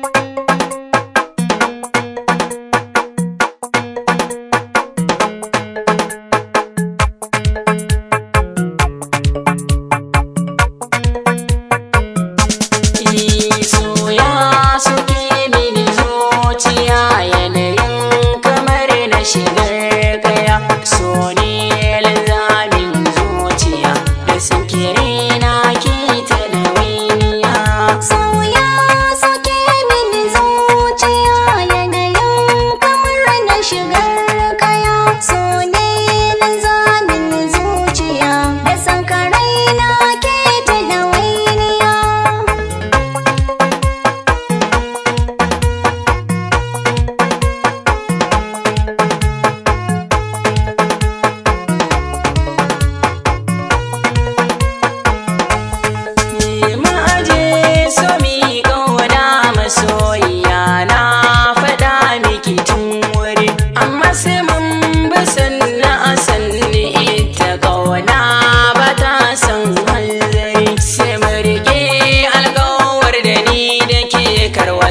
Música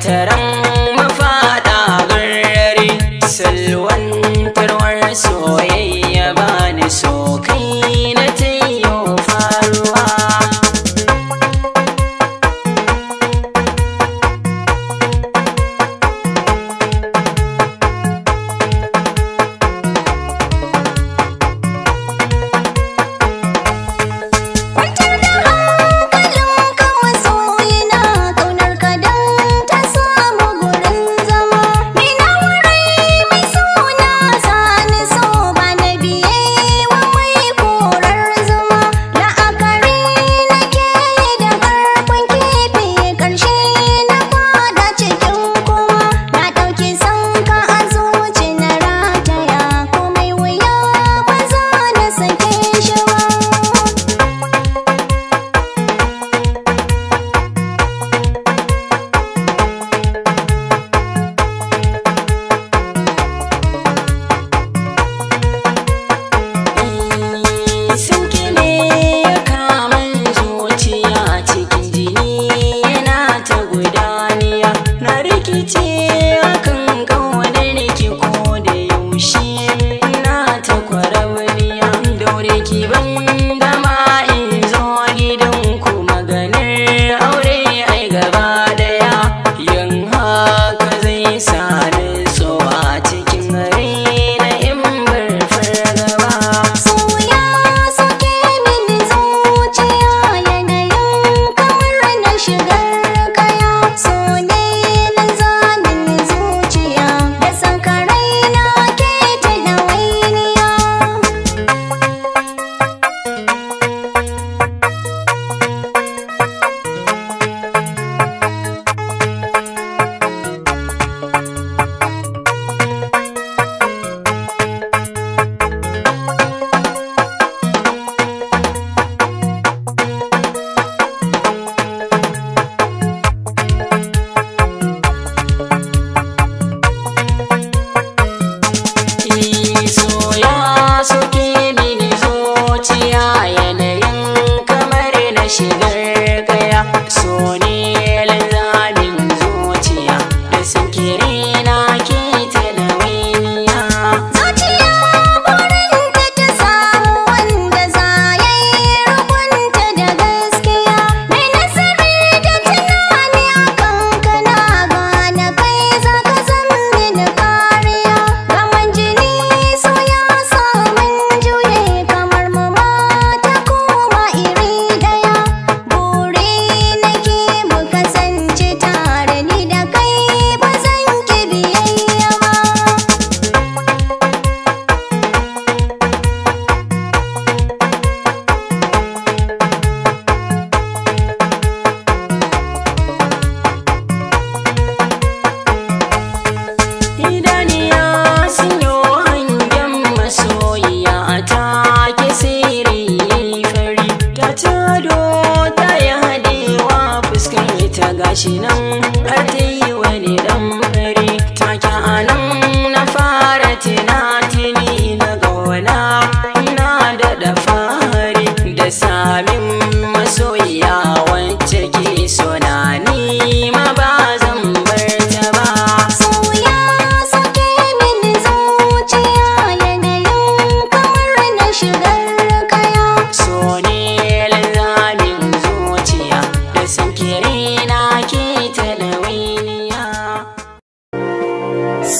-da. cinan har ta yi wani ɗan fari